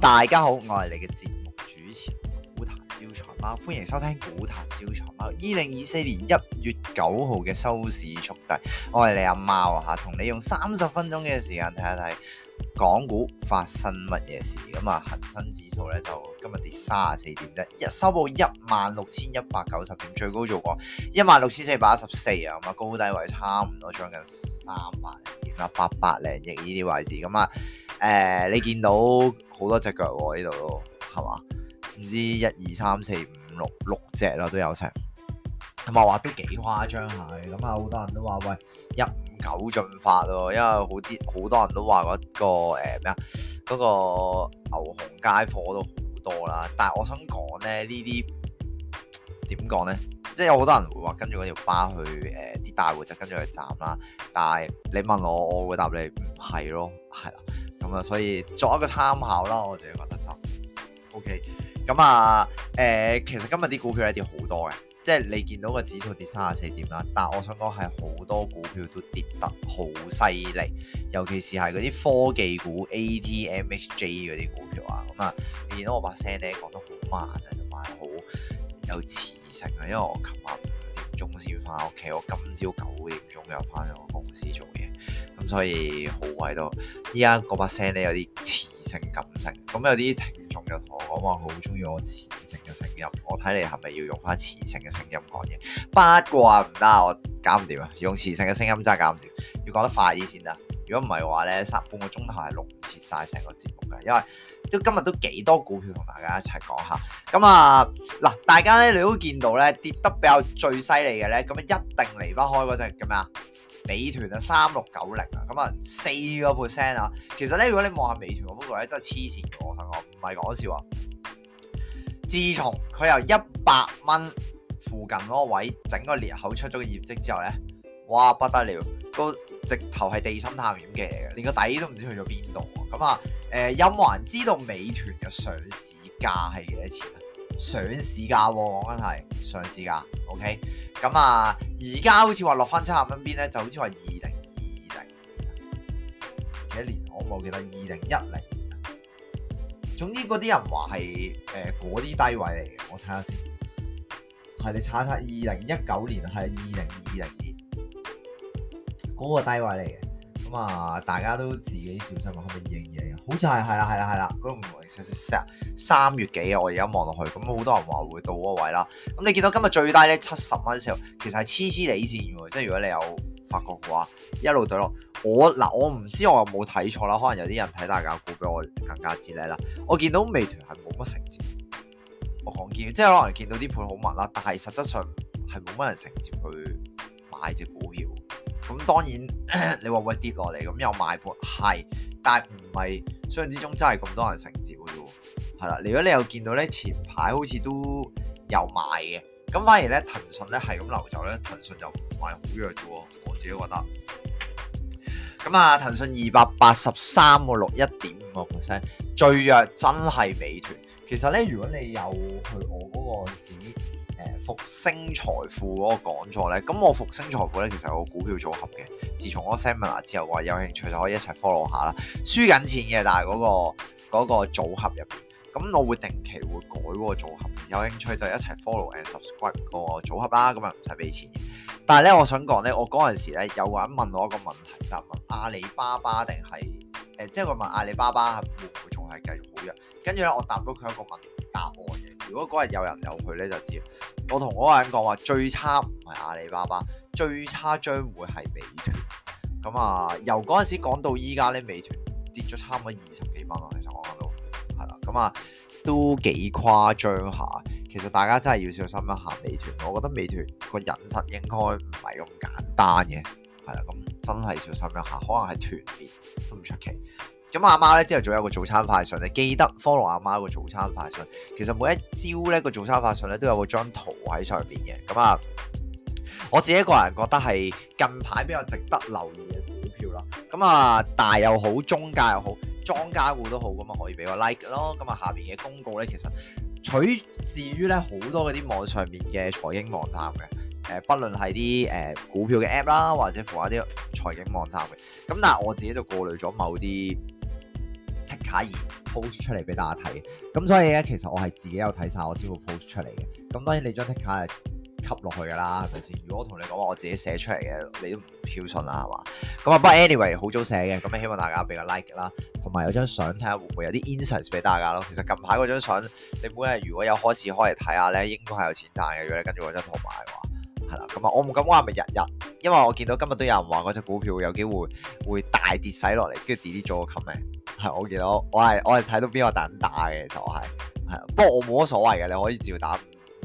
大家好，我係你嘅節目主持股壇招財貓，歡迎收聽股壇招財貓。二零二四年一月九號嘅收市速遞，我係你阿貓啊吓，同你用三十分鐘嘅時間睇一睇港股發生乜嘢事。咁、嗯、啊，恒生指數咧就今日跌三十四點一日收報一萬六千一百九十點，最高做過一萬六千四百一十四啊，咁啊，高低位差唔多將，將近三萬點啦，八百零億呢啲位置咁啊。嗯誒、呃，你見到好多隻腳喎？呢度，係嘛？唔知一二三四五六六隻啦，都有成。同埋話都幾誇張下嘅，咁啊好多人都話喂，一五九進發喎，因為好啲好多人都話嗰個誒咩啊，嗰個牛熊街貨都好多啦。但係我想講咧，呢啲點講咧？即係有好多人會話跟住嗰條巴去誒啲大戶就跟住去斬啦，但係你問我，我會答你唔係咯，係啦，咁、嗯、啊，所以作一個參考啦，我淨係覺得就 OK，咁、嗯、啊，誒、嗯，其實今日啲股票一跌好多嘅，即係你見到個指數跌三十四點啦，但係我想講係好多股票都跌得好犀利，尤其是係嗰啲科技股 ATMXJ 嗰啲股票啊，咁、嗯、啊，你見到我把聲咧講得好慢啊，同埋好。有磁性啊！因為我琴晚五點鐘先翻屋企，我今朝九點鐘又翻咗我公司做嘢，咁所以好鬼多。依家嗰把聲咧有啲磁性感性，咁有啲聽眾就同我講話好中意我磁性嘅聲音，我睇你係咪要用翻磁性嘅聲音講嘢？不過唔得，我搞唔掂啊！用磁性嘅聲音真係搞唔掂，要講得快啲先得。如果唔係嘅話咧，三半個鐘頭係錄唔切晒成個節目嘅，因為都今日都幾多股票同大家一齊講下。咁啊嗱，大家咧你都見到咧跌得比較最犀利嘅咧，咁啊一定離不開嗰隻叫咩啊？美團啊，三六九零啊，咁啊四個 percent 啊。其實咧，如果你望下美團個波圖咧，真係黐線嘅，我同我唔係講笑啊。自從佢由一百蚊附近嗰個位整個裂口出咗個業績之後咧。哇不得了，個直頭係地心探險嘅嘢嘅，連個底都唔知去咗邊度。咁啊，誒、呃、有冇人知道美團嘅上市價係幾多錢啊？上市價喎、啊，講緊係上市價。OK，咁啊，而、呃、家好似話落翻七十蚊邊咧，就好似話二零二零幾年，我冇記得二零一零年。總之嗰啲人話係誒嗰啲低位嚟嘅，我睇下先。係你查一查二零一九年係二零二零年。嗰個低位嚟嘅，咁啊，大家都自己小心啊，可唔可以應應好似係，係啦，係啦，係啦，嗰個唔係少少 set 三月幾啊？我而家望落去，咁好多人話會到嗰位啦。咁你見到今日最低咧七十蚊時候，其實係黐黐地線喎，即係如果你有發覺嘅話，一路對落我嗱，我唔知我有冇睇錯啦，可能有啲人睇大價股比我更加之叻啦。我見到美團係冇乜承接，我講堅，即係可能見到啲盤好密啦，但係實質上係冇乜人承接去買隻股票。咁當然，你話會跌落嚟，咁有賣盤係，但係唔係相之中真係咁多人承接嘅啫喎，係啦。如果你又見到咧，前排好似都有賣嘅，咁反而咧騰訊咧係咁流走咧，騰訊就唔係好弱嘅喎，我自己覺得。咁啊，騰訊二百八十三個六一點五個 percent，最弱真係美團。其實咧，如果你有去我嗰個市。復星財富嗰個講座呢，咁我復星財富呢，其實個股票組合嘅，自從嗰個 seminar 之後話有興趣就可以一齊 follow 下啦，輸緊錢嘅，但係嗰、嗰個嗰、嗰個組合入邊，咁我會定期會改個組合，有興趣就一齊 follow and subscribe 個組合啦，咁啊唔使俾錢嘅，但係呢，我想講呢，我嗰陣時呢有人問我一個問題，就是、問阿里巴巴定係？誒、呃，即係佢問阿里巴巴會唔會仲係繼續好弱？跟住咧，我答到佢一個問題答案嘅。如果嗰日有人有佢咧，就知。我同嗰個人講話，最差唔係阿里巴巴，最差將會係美團。咁啊，由嗰陣時講到依家咧，美團跌咗差唔多二十幾蚊咯。其實我諗到係啦，咁啊都幾誇張下。其實大家真係要小心一下美團。我覺得美團個隱疾應該唔係咁簡單嘅。係啦，咁真係小心一下，可能係團滅都唔出奇。咁阿媽咧，朝頭早仲有個早餐快訊，你記得 follow 阿媽個早餐快訊。其實每一朝咧、那個早餐快訊咧都有個張圖喺上邊嘅。咁啊，我自己個人覺得係近排比較值得留意嘅股票啦。咁啊，大又好，中介又好，莊家股都好，咁啊可以俾個 like 咯。咁啊下邊嘅公告咧，其實取自於咧好多嗰啲網上面嘅財經網站嘅。誒、呃，不論係啲誒股票嘅 app 啦，或者乎一啲財經網站嘅，咁但係我自己就過濾咗某啲 tick 卡而 post 出嚟俾大家睇，咁所以咧其實我係自己有睇晒，我先會 post 出嚟嘅。咁當然你張 tick 卡係吸落去㗎啦，係咪先？如果我同你講我我自己寫出嚟嘅，你都唔相信啦係嘛？咁啊，不過 anyway 好早寫嘅，咁希望大家俾個 like 啦，同埋有張相睇下會唔會有啲 insight 俾大家咯。其實近排嗰張相，你每日如果有開市開嚟睇下咧，應該係有錢賺嘅，如果你跟住嗰張圖買嘅話。係啦，咁啊、嗯，我唔敢話係咪日日，因為我見到今日都有人話嗰隻股票會有機會會大跌洗落嚟，跟住 delete 咗個 comment 係我見到，我係我係睇到邊個等打嘅，其實我係係不過我冇乜所謂嘅，你可以照打，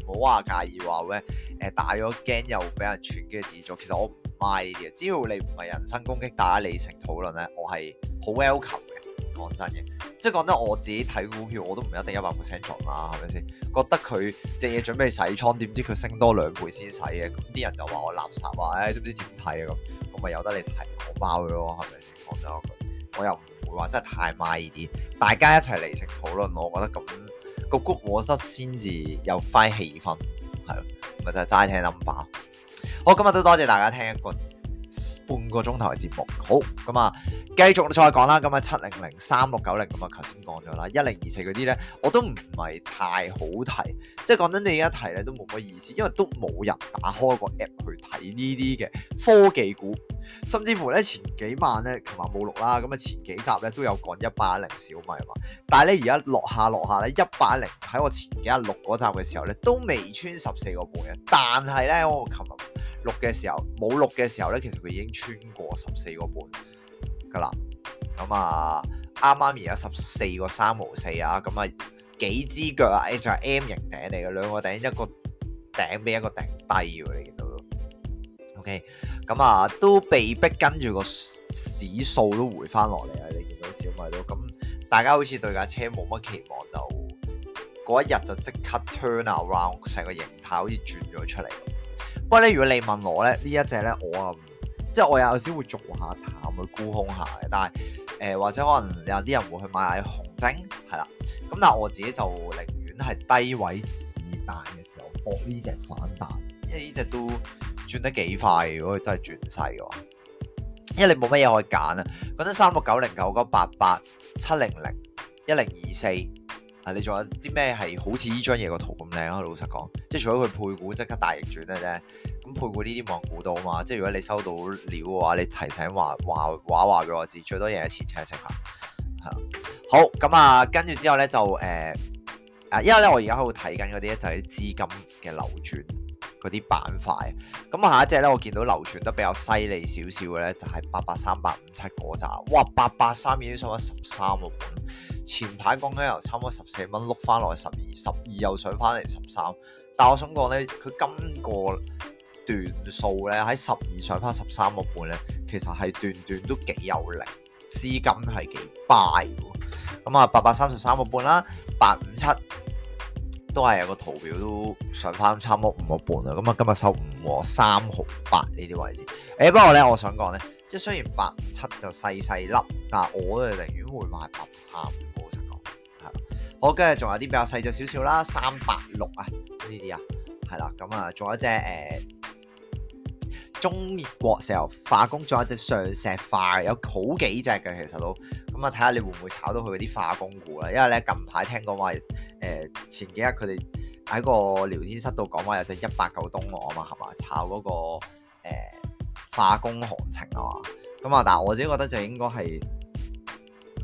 唔好話介意話咩，誒打咗驚又俾人串跟住 delete 咗。其實我唔買呢啲嘢，只要你唔係人身攻擊，打理性討論咧，我係好 welcome。講真嘅，即係講得我自己睇股票，我都唔一定一百 percent 啦，係咪先？覺得佢隻嘢準備洗倉，點知佢升多兩倍先洗嘅？咁啲人就話我垃圾啊！唉、哎，都唔知點睇啊咁，咁咪由得你提我包咯，係咪先？講真一句，我又唔會話真係太賣啲，大家一齊嚟食討論，我覺得咁、那個谷 o 室先至有翻氣氛，係咪？咪就係齋聽 number。好，今日都多謝大家聽一個。半個鐘頭嘅節目，好咁啊，繼續再講啦。咁啊，七零零三六九零咁啊，頭先講咗啦，一零二四嗰啲呢，我都唔係太好提，即係講真，你而家提呢都冇乜意思，因為都冇人打開個 app 去睇呢啲嘅科技股，甚至乎呢，前幾晚呢，琴日冇錄啦，咁啊前幾集呢，都有講一八一零小米啊，但係呢，而家落下落下呢，一八一零喺我前幾日錄嗰集嘅時候呢，都未穿十四個半日，但係呢，我琴日。錄嘅時候，冇錄嘅時候咧，其實佢已經穿過十四個半噶啦。咁啊，啱啱而家十四個三毫四啊，咁啊幾支腳啊，誒就係 M 型頂嚟嘅，兩個頂一個頂比一個頂低喎，你見到咯。OK，咁啊都被逼跟住個指數都回翻落嚟啊！你見到小米都咁，大家好似對架車冇乜期望，就嗰一日就即刻 turn around，成個形態好似轉咗出嚟。不過咧，如果你問我咧，呢一隻咧，我啊即係我有時會逐下淡去沽空下嘅，但係誒、呃、或者可能有啲人會去買下紅精，係啦，咁但係我自己就寧願系低位試彈嘅時候博呢隻反彈，因為呢隻都轉得幾快，如果佢真係轉勢嘅話，因為你冇乜嘢可以揀啊，嗰啲三六九零、九九八八、七零零、一零二四。啊！你仲有啲咩係好似呢張嘢個圖咁靚啊？老實講，即係除咗佢配股即刻大逆轉咧啫，咁配股呢啲冇人估到啊嘛！即係如果你收到料嘅話，你提醒話話，話話話俾我知，最多嘢一次清醒嚇嚇。好咁啊，跟住之後咧就誒啊、呃，因為咧我而家喺度睇緊嗰啲咧就係啲資金嘅流轉。嗰啲板塊，咁下一隻呢我見到流傳得比較犀利少少嘅呢，就係八八三八五七嗰扎，哇！八八三已經上咗十三個半，前排講緊又差唔多十四蚊，碌翻落去十二，十二又上翻嚟十三，但我想講呢，佢今個段數呢，喺十二上翻十三個半呢，其實係段段都幾有力，資金係幾 buy 喎，咁啊八八三十三個半啦，八五七。都係有個圖表都上翻差唔多五個半啊，咁啊今日收五和三毫八呢啲位置，誒、欸、不過咧我想講咧，即係雖然八七就細細粒，但係我啊寧願會買八三，我真講，係啦，我跟住仲有啲比較細隻少少啦，三八六啊呢啲啊，係啦，咁啊仲有一隻誒。欸中國石油化工仲有一隻上石化，有好幾隻嘅，其實都咁啊，睇下你會唔會炒到佢嗰啲化工股啦。因為咧近排聽講話，誒、呃、前幾日佢哋喺個聊天室度講話有隻一百九東落啊嘛，係嘛炒嗰，那個誒、欸、化工行情啊嘛。咁啊，但係我自己覺得就應該係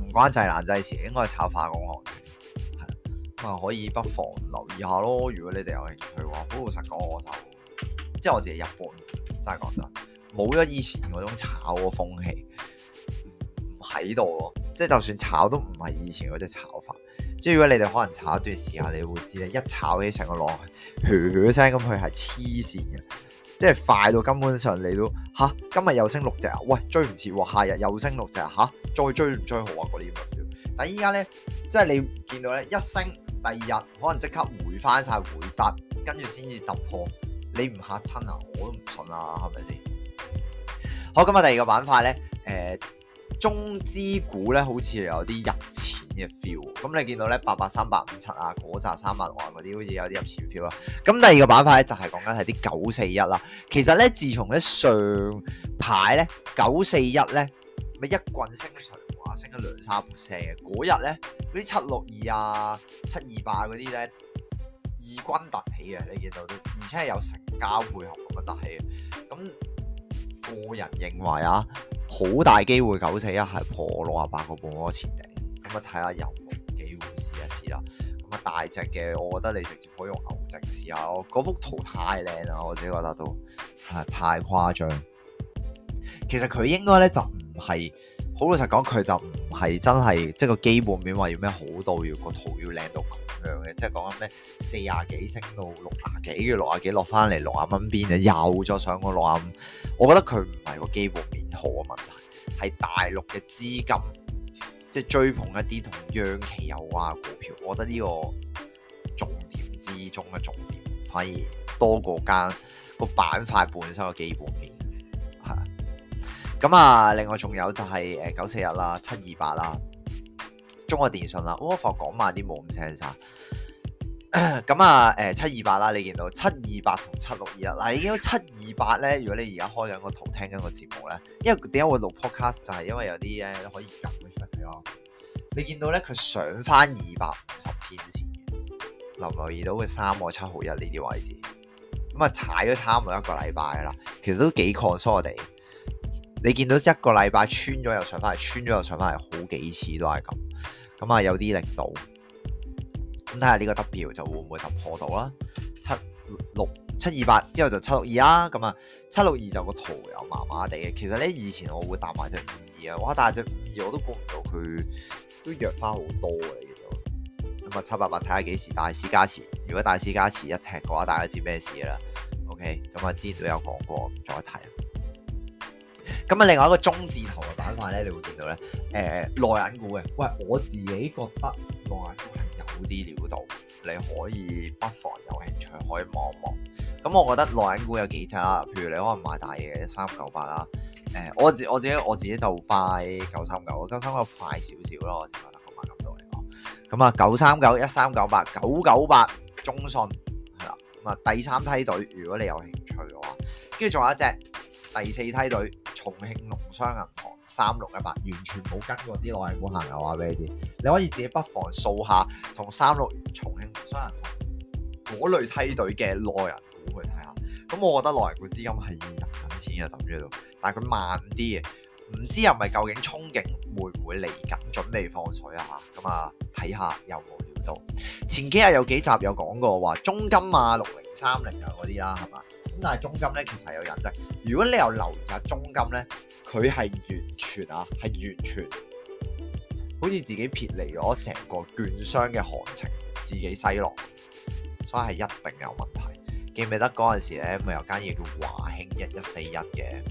唔關滯難滯錢，應該係炒化工行情，係咁啊，可以不妨留意下咯。如果你哋有興趣嘅話，好老實講我就即係我自己日本。真係講真，冇咗以前嗰種炒嘅風氣唔喺度，即係就算炒都唔係以前嗰隻炒法。即係如果你哋可能炒一段時間，你會知咧，一炒起成個浪，噓噓聲咁，佢係黐線嘅，即係快到根本上你都吓，今日又升六隻啊！喂，追唔切喎，下日又升六隻啊！吓，再追唔追好啊？嗰啲咁嘅 feel，但係依家咧，即係你見到咧，一升第二日可能即刻回翻晒回砸，跟住先至突破。你唔嚇親啊？我都唔信啊，係咪先？好，咁啊，第二個板塊咧，誒、呃、中資股咧，好似有啲入錢嘅 feel。咁你見到咧，八八三八五七啊，嗰扎三萬外嗰啲，好似有啲入錢 feel 啦。咁第二個板塊咧，就係講緊係啲九四一啦。其實咧，自從咧上排咧九四一咧，咪一棍升咗成話升咗兩三成嗰日咧，嗰啲七六二啊、七二八嗰啲咧。異軍突起嘅，你見到啲，而且係有成交配合咁樣突起嘅，咁個人認為啊，好大機會九四一係破六啊八個半嗰個前頂，咁啊睇下有冇機會試一試啦。咁啊大隻嘅，我覺得你直接可以用牛證試下。我嗰幅圖太靚啦，我自己覺得都吓、呃、太誇張。其實佢應該咧就唔係。好老實講，佢就唔係真係即個基本面話要咩好到，要個圖要靚到咁樣嘅，即係講緊咩四廿幾升到六廿幾，跟住六廿幾落翻嚟六啊蚊邊啊，又再上個六啊五。我覺得佢唔係個基本面好嘅問題，係大陸嘅資金即追捧一啲同央企有關嘅股票。我覺得呢個重點之中嘅重點，反而多過間個板塊本身嘅基本面。咁啊，另外仲有就係誒九四日啦，七二八啦、中國電信啦，窩房講慢啲冇咁聲晒。咁啊，誒七二八啦，你見到七二八同七六二啦，嗱已經七二八咧。如果你而家開緊個圖聽緊個節目咧，因為點解我錄 podcast 就係因為有啲咧可以出夾嘅，啊，你見到咧佢上翻二百五十天前，留留二到嘅三個七好日呢啲位置，咁啊踩咗差唔多一個禮拜啦，其實都幾抗 o n 地。你見到一個禮拜穿咗又上翻嚟，穿咗又上翻嚟，好幾次都係咁。咁啊，有啲力度，咁睇下呢個 W 就會唔會突破到啦？七六七二八之後就七六二啦。咁啊，七六二就個圖又麻麻地嘅。其實咧，以前我會搭埋隻五二啊，哇！但係隻五二我都估唔到佢都弱翻好多嘅，其實。咁啊，七八八睇下幾時大師加持，如果大師加持，一踢嘅話，大家知咩事啦？OK，咁啊，之前都有講過，唔再睇。咁啊，另外一個中字頭嘅板塊咧，你會見到咧，誒、呃、內銀股嘅。喂，我自己覺得內銀股係有啲料到，你可以不妨有興趣可以望一望。咁、嗯、我覺得內銀股有幾隻啦，譬如你可能買大嘢一三九八啦，誒、啊，我自我自己我自己就九三九,九三九,九三九快九三九，九三九快少少咯，我覺得好慢咁多嚟講。咁、嗯、啊，九三九一三九八九九八中信係啦。咁啊、嗯，第三梯隊，如果你有興趣嘅話，跟住仲有一隻。第四梯隊重慶農商銀行三六一八，18，完全冇跟過啲內人股行友啊！俾你知，你可以自己不妨掃下同三六重慶農商銀行嗰類梯隊嘅內人股去睇下。咁我覺得內人股資金係要抌錢嘅抌住度，但係佢慢啲嘅，唔知又咪究竟憧憬會唔會嚟緊準備放水啊？吓，咁啊，睇下有冇料到。前幾日有幾集有講過話中金啊六零三零啊嗰啲啦，係嘛？但係中金咧，其實係有隱疾。如果你又留意下中金咧，佢係完全啊，係完全好似自己撇離咗成個券商嘅行情，自己西落，所以係一定有問題。記唔記得嗰陣時咧，咪有間嘢叫華興一一四一嘅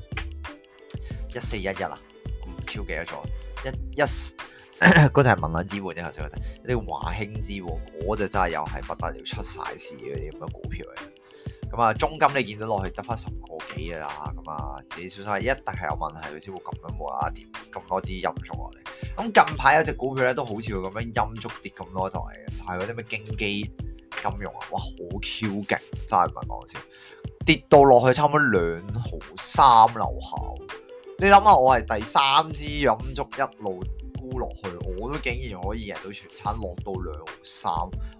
一四一一啊？唔超幾多咗？一一嗰陣係民泰資換嘅頭先， 之我睇啲華興資，我就真係又係不得了出晒事嘅啲咁嘅股票嚟。咁啊，中金你見到落去得返十個幾啊，咁、嗯、啊，啲先生一定係有問題，佢先會咁樣冇啦啦跌咁多支陰燭落嚟。咁近排有隻股票咧，都好似佢咁樣陰燭跌咁多台嘅，就係嗰啲咩京基金融啊，哇，好 Q 勁，真係唔係講笑，跌到落去差唔多兩毫三樓下。你諗下，我係第三支陰燭一路。沽落去，我都竟然可以贏到全餐，落到兩毫三，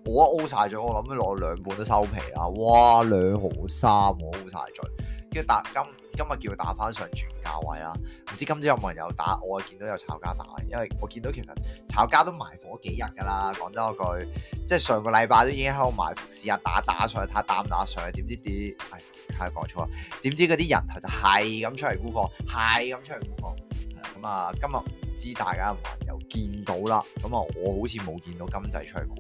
我一沽晒咗，我諗都攞兩半都收皮啦！哇，兩毫三我沽晒咗，跟住打今今日叫佢打翻上全價位啦，唔知今朝有冇人有打，我見到有炒家打，因為我見到其實炒家都埋伏咗幾日㗎啦，講真句，即係上個禮拜都已經喺度埋伏試下打打上去，睇下打唔打上去，點知啲，哎，係太講錯啦，點知嗰啲人頭就係咁出嚟沽貨，係咁出嚟沽貨。咁啊，今日唔知大家有冇見到啦？咁啊，我好似冇見到金仔出嚟沽，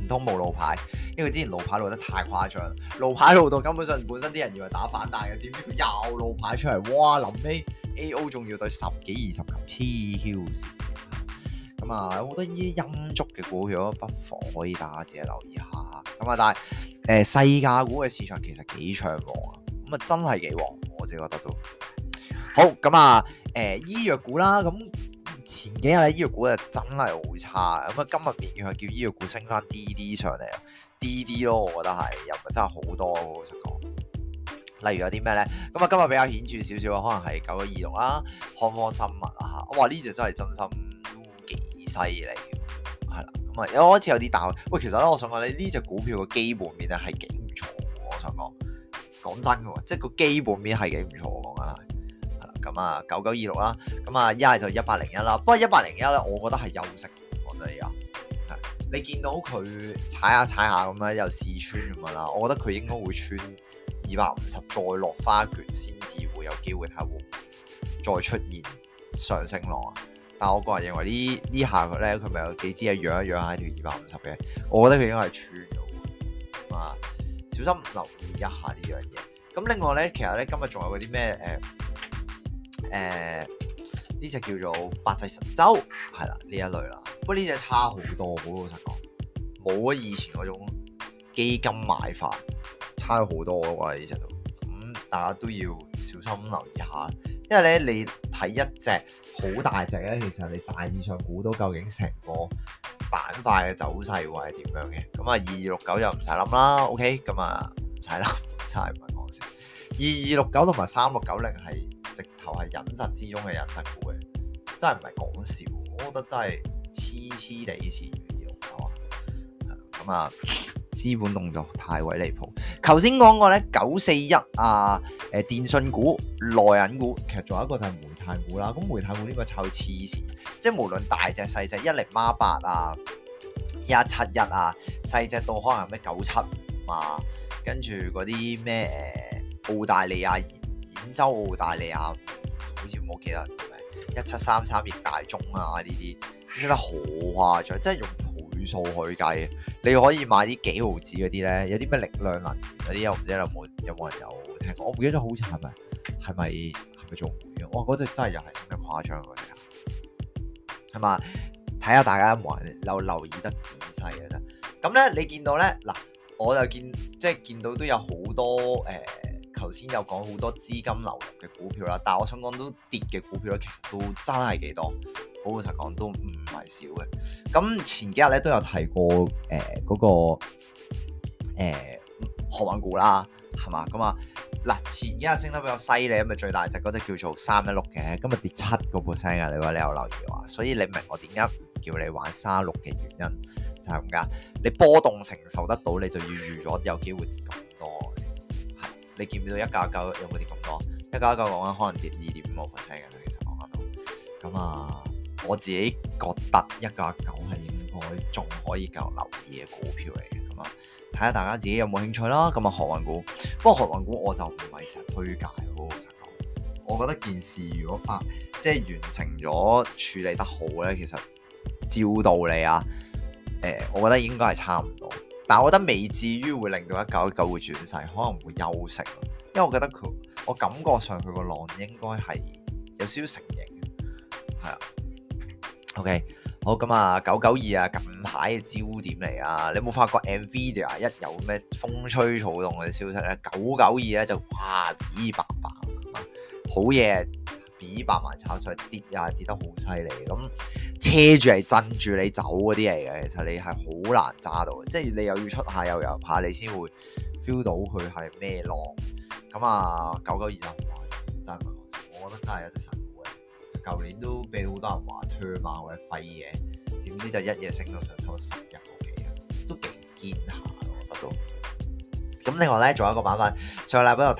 唔通冇路牌？因為之前路牌路得太誇張，路牌路到根本上本身啲人以為打反彈嘅，點知佢又路牌出嚟，哇！臨尾 A O 仲要對十幾二十級黐 Q 線。咁啊，我覺得呢啲陰燭嘅股票，不妨可以大家自己留意下。咁啊，但係誒，世界股嘅市場其實幾暢旺啊！咁啊，真係幾旺，我自己覺得都。好咁啊，誒、嗯，醫藥股啦，咁前幾日咧，醫藥股就真係好差，咁啊，今日勉強叫係叫醫藥股升翻啲啲上嚟，啲啲咯，我覺得係又唔係真係好多，我想講。例如有啲咩咧？咁啊，今日比較顯著少少啊，可能係九九二六啦，康方生物啊吓，我話呢隻真係真心幾犀利，係啦，咁啊，一開始有啲大。喂，其實咧，我想問你，呢隻股票個基本面咧係幾唔錯，我想講，講真嘅，即係個基本面係幾唔錯嘅。咁啊，九九二六啦，咁啊，而家就一百零一啦。不過一百零一咧，我覺得係休息，我覺得而家係你見到佢踩下踩下咁樣，又試穿咁樣啦。我覺得佢應該會穿二百五十再落花拳，先至會有機會睇會唔會再出現上升浪。啊。但我個人認為呢呢下佢咧，佢咪有幾支係養一養喺條二百五十嘅。我覺得佢應該係穿到啊，小心留意一下呢樣嘢。咁另外咧，其實咧今日仲有嗰啲咩誒？呃誒，呢隻、呃、叫做百濟神州係啦，呢一類啦。不過呢隻差好多，我老實講，冇咗以前嗰種基金買法，差好多我話呢隻都咁，大家都要小心留意下。因為咧，你睇一隻好大隻咧，其實你大致上估到究竟成個板塊嘅走勢會係點樣嘅。咁、OK? 啊，二二六九就唔使諗啦，OK 咁啊，唔使諗，差唔係講笑。二二六九同埋三六九零係。直頭係隱疾之中嘅隱疾股嘅，真係唔係講笑，我覺得真係痴痴地似妖，係嘛？咁啊，資本動作太鬼離譜。頭先講過咧，九四一啊，誒，電信股、內銀股，其實仲有一個就係煤炭股啦。咁煤炭股呢個炒痴綫，即係無論大隻細隻，一零孖八啊，一七一啊，細隻、嗯、到可能咩九七五啊，跟住嗰啲咩誒澳大利亞。澳大利亞，好似冇好記得係咪一七三三亦大中啊，呢啲升得好誇張，真係用倍數去計。你可以買啲幾毫子嗰啲咧，有啲咩力量能？有啲又唔知有冇有冇人有聽過？我唔記得咗，好似係咪係咪係咪做股啊？我嗰隻真係又係升得誇張嗰隻，係嘛？睇下大家有冇人留留意得仔細啊？得咁咧，你見到咧嗱，我就見即係見到都有好多誒。呃頭先有講好多資金流入嘅股票啦，但係我想講都跌嘅股票咧，其實都真係幾多，好老實講都唔係少嘅。咁前幾日咧都有提過誒嗰、呃那個誒航運股啦，係嘛？咁啊嗱，前幾日升得比較犀利咁啊，最大隻嗰隻叫做三一六嘅，今日跌七個 percent 啊！你話你有留意啊？所以你明我點解叫你玩三一六嘅原因就係咁噶，你波動承受得到，你就要預咗有機會跌。你見唔見到一九一九有冇跌咁多？一九一九講緊可能跌二點五 percent 嘅，其實講緊都。咁啊，我自己覺得一九一九係應該仲可以繼續留意嘅股票嚟嘅。咁啊，睇下大家自己有冇興趣啦。咁啊，航運股，不過航運股我就唔係成日推介咯。我覺得件事如果翻、啊、即係完成咗處理得好咧，其實照道理啊，誒、呃，我覺得應該係差唔多。但我覺得未至於會令到一九九九會轉勢，可能會休息，因為我覺得佢，我感覺上佢個浪應該係有少少成型嘅，係啊。OK，好咁啊，九九二啊，2，近排嘅焦點嚟啊！你有冇發覺 Nvidia 一有咩風吹草動嘅消息咧？九九二咧就哇巴巴，咦，白白好嘢！幾百萬炒上去跌又跌得好犀利，咁車住係震住你走嗰啲嚟嘅，其實你係好難揸到嘅，即係你又要出下又入下，你先會 feel 到佢係咩浪。咁啊，九九二就唔話，真係唔講笑，我覺得真係一隻神股嘅。舊年都俾好多人話脫馬或者廢嘢，點知就一夜升到就差十日。個幾，都幾堅下我覺得都。咁另外咧，仲有一個板塊，上禮拜喺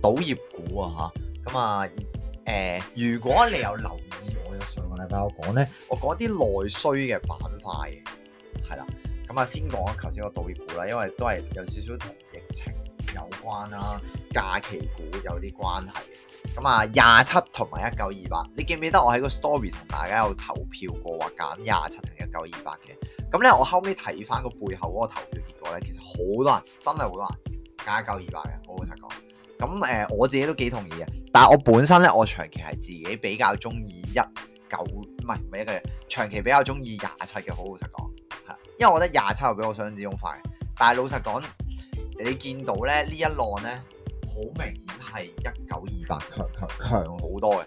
度提，賭業股啊吓，咁啊。嗯啊誒、呃，如果你有留意我上個禮拜我講咧，我講啲內需嘅板塊嘅，係啦，咁啊先講頭先個導業股啦，因為都係有少少同疫情有關啦、啊，假期股有啲關係。咁啊，廿七同埋一九二八，你記唔記得我喺個 story 同大家有投票過話揀廿七定一九二八嘅？咁咧，我後尾睇翻個背後嗰個投票結果咧，其實好多人，真係好多人揀一九二八嘅，我老實講。咁誒、呃，我自己都幾同意嘅。但係我本身咧，我長期係自己比較中意一九，唔係唔係一嘅長期比較中意廿七嘅。好老實講，係因為我覺得廿七又比我想像之中快。但係老實講，你見到咧呢一浪咧，好明顯係一九二八強強強好多嘅。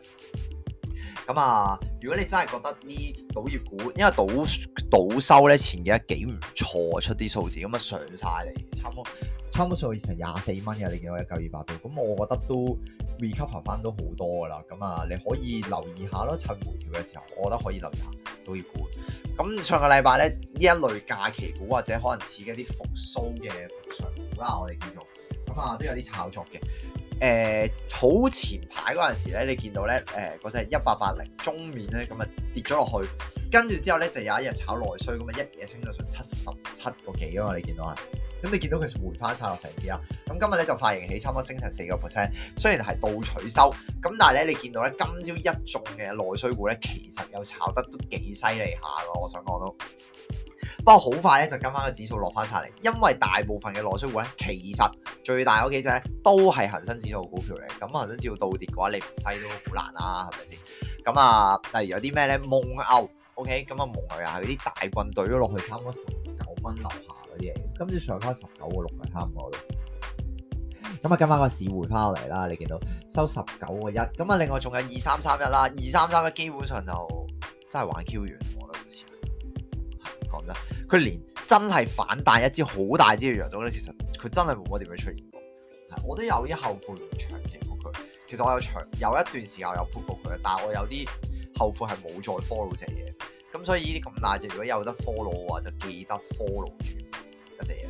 咁啊，如果你真係覺得呢賭業股，因為賭賭收咧前幾日幾唔錯，出啲數字咁啊上晒嚟，差唔多。差唔多上個成廿四蚊嘅，你見我一九二百倍，咁我覺得都 recover 翻都好多噶啦。咁啊，你可以留意下咯，趁回調嘅時候，我覺得可以留意下賭業股。咁上個禮拜咧，呢一類假期股或者可能似嘅一啲復甦嘅復常股啦，我哋叫做，咁啊都有啲炒作嘅。誒、嗯，好前排嗰陣時咧，你見到咧誒嗰隻一八八零中面咧，咁啊跌咗落去，跟住之後咧就有一日炒內需，咁啊一夜升咗上七十七個幾啊嘛，你見到啊？咁你見到佢回翻晒落成指啊。咁今日咧就發型起，差唔多升成四個 percent，雖然係倒取收，咁但係咧你見到咧今朝一眾嘅內需股咧，其實又炒得都幾犀利下嘅，我想講都。不過好快咧就跟翻個指數落翻晒嚟，因為大部分嘅內需股咧，其實最大嗰幾隻都係恒生指數股票嚟。咁恒生指數倒跌嘅話，你唔使都好難啦、啊，係咪先？咁啊，例如有啲咩咧？蒙牛，哦，OK，咁啊蒙佢啊嗰啲大棍隊咗落去，差唔多十九蚊樓下。今次上翻十九個六，咪差唔多咁啊，今晚個市回翻落嚟啦，你見到收十九個一。咁啊，另外仲有二三三一啦，二三三一基本上就真係玩 Q 完，我覺得似。講真，佢連真係反彈一大一支好大支嘅藥到咧，其實佢真係冇乜點樣出現過。我都有一后半長期過佢，其實我有長有一段時間有報告佢，但係我有啲後悔係冇再 follow 隻嘢。咁所以呢啲咁大隻，如果有得 follow 嘅話，就記得 follow 住。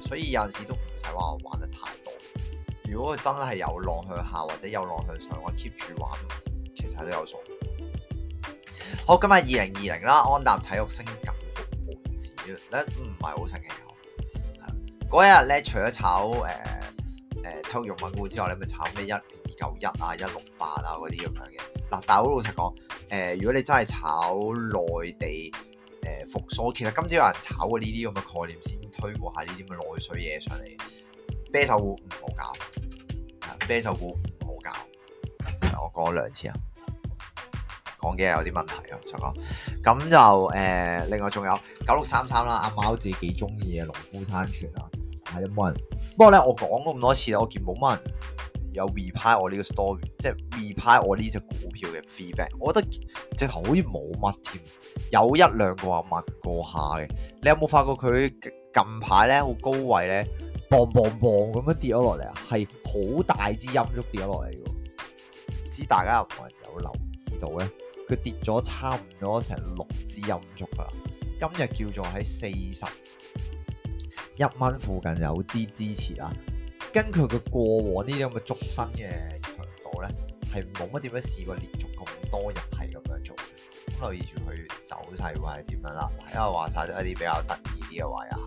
所以有陣時都唔使話我玩得太多。如果佢真係有浪向下或者有浪向上，我 keep 住玩，其實都有數。好，今日二零二零啦，安踏體育升緊股，咧，唔係好神奇。嗰日咧，除咗炒誒誒、呃呃呃、體育用品股之外，你咪炒咩一二九一啊、一六八啊嗰啲咁樣嘅。嗱，但係好老實講，誒、呃，如果你真係炒內地，誒復甦，其實今朝有人炒過呢啲咁嘅概念，先推過下呢啲咁嘅內需嘢上嚟。啤酒股唔好搞，啊啤酒股唔好搞。 我講咗兩次啊，講嘅有啲問題啊，就講咁就誒。另外仲有九六三三啦，阿貓自己幾中意嘅農夫山泉啊，有冇人？不過咧，我講咁多次，我見冇乜人。有 reply 我呢個 story，即係 reply 我呢隻股票嘅 feedback。我覺得直頭好似冇乜添，有一兩個話問過下嘅。你有冇發覺佢近排咧好高位咧 bang bang bang 咁樣跌咗落嚟啊？係好大支陰燭跌咗落嚟嘅。知大家有冇人有留意到咧？佢跌咗差唔多成六支陰燭噶啦。今日叫做喺四十一蚊附近有啲支持啦。跟佢嘅過往呢啲咁嘅足身嘅強度咧，係冇乜點樣試過連續咁多日係咁樣做，咁留意住佢走勢會係點樣啦。因為話晒咗一啲比較得意啲嘅話呀。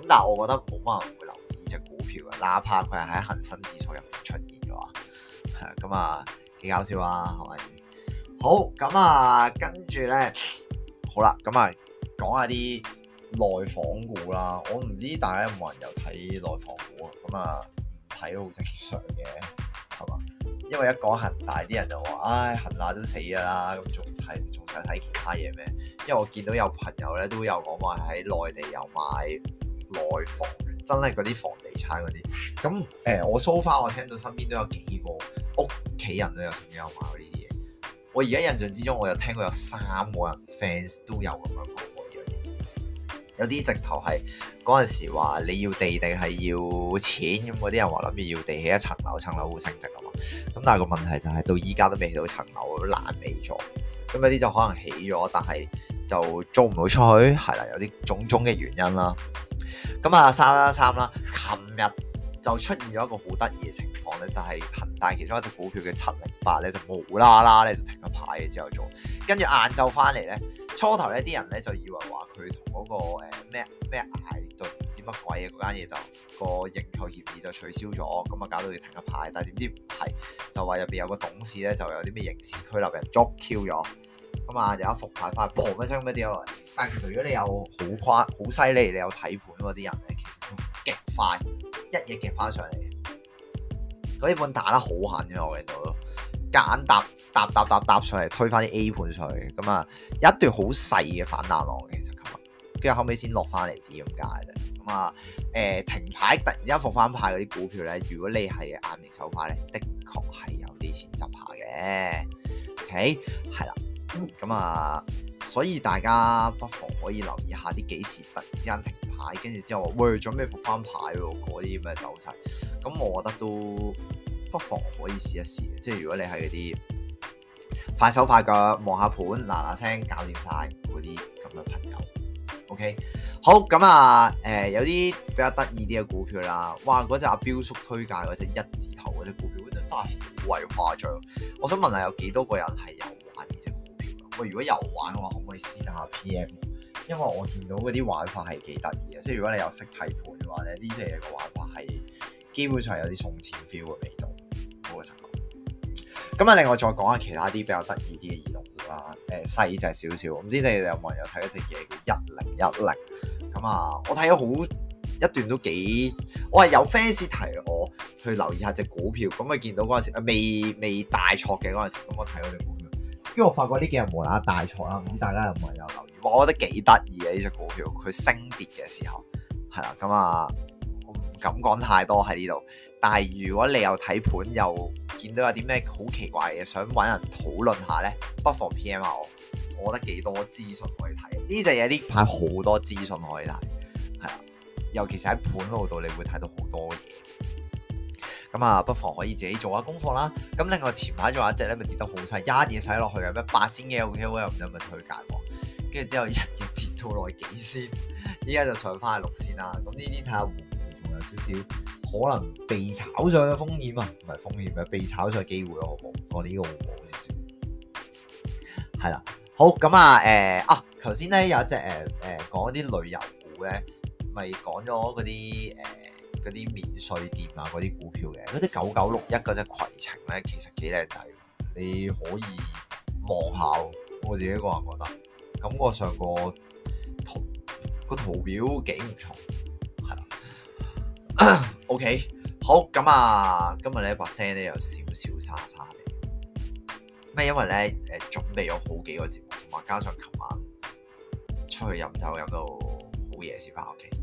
咁但係我覺得冇乜人會留意隻股票嘅，哪怕佢係喺恒生指數入面出現嘅話，係咁啊幾搞笑啊，係咪？好咁啊，跟住咧，好啦，咁啊講下啲內房股啦。我唔知大家有冇人有睇內房股啊？咁啊～睇都好正常嘅，係嘛？因為一講恒大，啲人就話：，唉，恒大都死嘅啦，咁仲睇仲想睇其他嘢咩？因為我見到有朋友咧都有講話喺內地有買內房，真係嗰啲房地產嗰啲。咁誒、呃，我 so far 我聽到身邊都有幾個屋企人都有曾經有買過呢啲嘢。我而家印象之中，我有聽過有三個人 fans 都有咁樣講。有啲直頭係嗰陣時話你要地定係要錢咁，嗰啲人話諗住要地起一層樓，層樓會升值噶嘛。咁但係個問題就係、是、到依家都未起到層樓爛尾咗，咁有啲就可能起咗，但係就租唔到出去，係啦，有啲種種嘅原因啦。咁啊，三啦三啦，琴日。就出現咗一個好得意嘅情況咧，就係恒大其中一隻股票嘅七零八咧，就無啦啦咧就停咗牌嘅之後做，跟住晏晝翻嚟咧，初頭呢啲人咧就以為話佢同嗰個咩咩埃頓唔知乜鬼嘅嗰間嘢就個認購協議就取消咗，咁啊搞到要停一牌，但係點知唔係，就話入邊有個董事咧就有啲咩刑事拘留人捉 Q 咗，咁啊又一復牌翻，噏乜聲乜嘢嚟。但係如果你有好誇好犀利，你有睇盤嗰啲人咧，其實極快。一嘢夾翻上嚟，嗰啲盤打得好狠嘅我見到咯，夾硬搭搭搭搭搭上嚟推翻啲 A 盤上去。咁啊有一段好細嘅反彈浪其實琴日，跟住後尾先落翻嚟啲咁解啫，咁啊誒停牌突然之間復翻派嗰啲股票咧，如果你係眼明手快咧，的確係有啲錢執下嘅，OK 係啦，咁啊所以大家不妨可以留意下啲幾時突然之間停。跟住之後話，喂，準備復翻牌喎，嗰啲咁嘅走勢，咁我覺得都不妨可以試一試。即係如果你係嗰啲快手快腳望下盤嗱嗱聲搞掂晒，嗰啲咁嘅朋友，OK？好咁啊，誒、呃，有啲比較得意啲嘅股票啦，哇！嗰、那、隻、個、阿彪叔推介嗰隻一字頭嗰隻股票，那個、真真係好鬼誇張。我想問下，有幾多個人係有玩呢隻股票？喂，如果有玩嘅話，可唔可以試下 PM？因為我見到嗰啲玩法係幾得意嘅，即係如果你有識睇盤嘅話咧，呢隻嘢個玩法係基本上有啲送錢 feel 嘅味道，好嘅，情況。咁啊，另外再講下其他啲比較得意啲嘅二龍啦，誒、欸、細隻少少，唔知你哋有冇人有睇一隻嘢叫一零一零。咁啊，我睇咗好一段都幾，我係有 fans 提我去留意下隻股票，咁啊見到嗰陣時未未大挫嘅嗰陣時，咁我睇我哋。因為我發覺呢幾日無啦大錯啦，唔知大家有冇有留意？ 我覺得幾得意嘅呢隻股票，佢升跌嘅時候係啦，咁啊，我唔敢講太多喺呢度。但係如果你有睇盤又見到有啲咩好奇怪嘅，想揾人討論下咧，不妨 PM 我。我覺得幾多資訊可以睇，呢隻嘢呢排好多資訊可以睇，係啦，尤其是喺盤路度，你會睇到好多嘢。咁啊，不妨可以自己做下功課啦。咁另外前排仲有一隻咧，咪跌得好細，一嘢洗落去有咩八仙嘅 OKL 又唔知咪推介喎。跟住之後一跌跌到落去幾仙，依家就上翻去六仙啦。咁呢啲睇下，會唔會有少少可能被炒咗嘅風險、呃、啊，唔係風險，咪被炒咗機會咯，好冇？我講呢個好唔好，少少。係啦，好咁啊，誒啊，頭先咧有一隻誒誒講啲旅遊股咧，咪講咗嗰啲誒。呃嗰啲免稅店啊，嗰啲股票嘅，嗰啲九九六一嗰隻攜程咧，其實幾靚仔，你可以望下。我自己個人覺得，感覺上個圖個圖表幾唔錯，係啦。 OK，好咁啊，今日咧把聲咧有少少沙沙嘅，咩？因為咧誒準備咗好幾個節目同埋加上琴晚出去飲酒飲到好夜先翻屋企。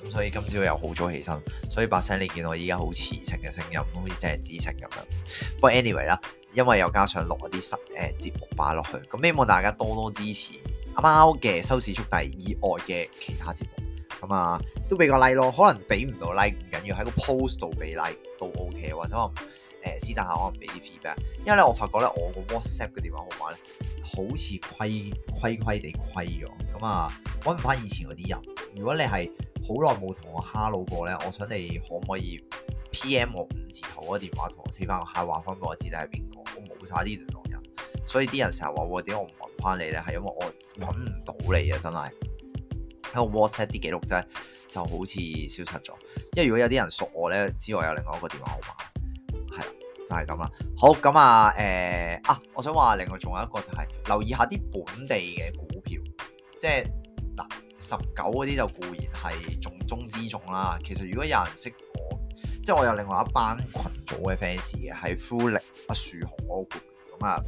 咁所以今朝又好早起身，所以把聲你見到我依家好磁性嘅聲音，好似鄭子晴咁樣。不過 anyway 啦，因為又加上錄一啲新誒、呃、節目擺落去，咁希望大家多多支持阿貓嘅收視速遞以外嘅其他節目，咁、嗯、啊都俾個 like 咯。可能俾唔到 like 唔緊要，喺個 post 度俾 like 都 OK，或者、呃、可能私底下我唔俾啲 feedback。因為咧我發覺咧我個 WhatsApp 嘅電話號碼咧，好似虧虧虧地虧咗，咁啊揾唔翻以前嗰啲人。如果你係好耐冇同我哈嘍過咧，我想你可唔可以 P.M 我五字頭嘅電話，同我四翻個下，話翻個字底係邊個？我冇晒啲聯絡人，所以啲人成日話我點解我唔搵翻你咧？係因為我搵唔到你啊！真係喺個 WhatsApp 啲記錄真就好似消失咗。因為如果有啲人熟我咧，之外有另外一個電話號碼，係啦，就係咁啦。好咁啊，誒、呃、啊，我想話另外仲有一個就係、是、留意下啲本地嘅股票，即係。十九嗰啲就固然係重中，中之重啦。其實如果有人識我，即係我有另外一班群組嘅 fans 嘅，係 full 力不樹紅嗰股嘅，咁啊，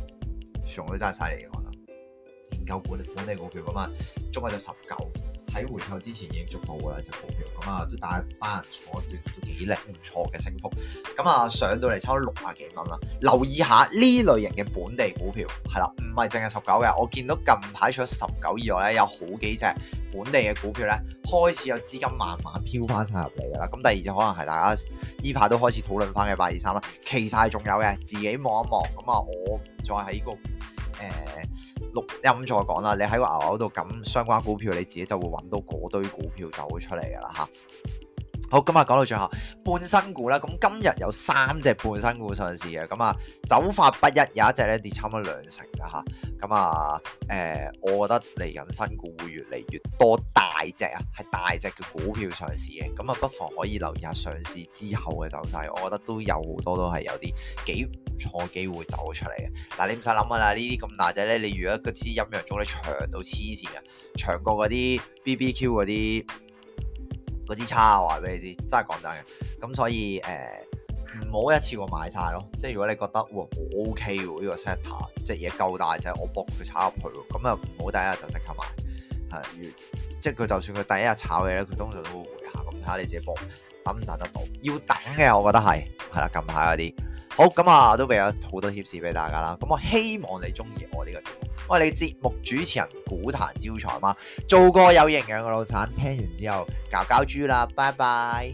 全部都揸曬嚟嘅，我覺得研究股、管理股票咁啊，中咗就十九。喺回購之前已經捉到嘅隻股票，咁、嗯、啊都帶班人坐，段都幾叻，唔錯嘅升幅。咁、嗯、啊上到嚟抽咗六百幾蚊啦。留意下呢類型嘅本地股票，係啦，唔係淨係十九嘅。我見到近排除十九以外咧，有好幾隻本地嘅股票咧，開始有資金慢慢飄翻晒入嚟啦。咁、嗯、第二隻可能係大家呢排都開始討論翻嘅八二三啦，其實係仲有嘅，自己望一望。咁、嗯、啊，我唔再喺、這個。誒，錄音再講啦。你喺個牛牛度咁相關股票，你自己就會揾到嗰堆股票就會出嚟噶啦吓。好，今日講到最後，半新股啦。咁今日有三隻半新股上市嘅，咁啊走法不一，有一隻咧跌差唔多兩成喇吓，咁、嗯、啊，誒、呃，我覺得嚟緊新股會越嚟越多，大隻啊，係大隻嘅股票上市嘅，咁啊，不妨可以留意下上市之後嘅走勢，我覺得都有好多都係有啲幾唔錯機會走出嚟嘅。嗱，你唔使諗啊啦，呢啲咁大隻咧，你如果支陰陽燭得長到黐線啊，長過嗰啲 BBQ 嗰啲。嗰支叉啊，話俾你知，真係講真嘅。咁所以誒，唔、呃、好一次過買晒咯。即係如果你覺得喎、呃，我 OK 喎，呢、這個 setter 即係嘢夠大隻，我搏佢炒入去喎。咁啊，唔好第一日就即刻買，係、嗯，即係佢就算佢第一日炒嘢咧，佢通常都會回下。咁睇下你自己搏，等唔等得到，要等嘅，我覺得係，係啦，近排嗰啲。好咁啊，都俾咗好多 tips 俾大家啦。咁我希望你中意我呢個節目，我係你節目主持人股壇招財貓嘛。做個有營養嘅老散，聽完之後覺覺豬啦，拜拜。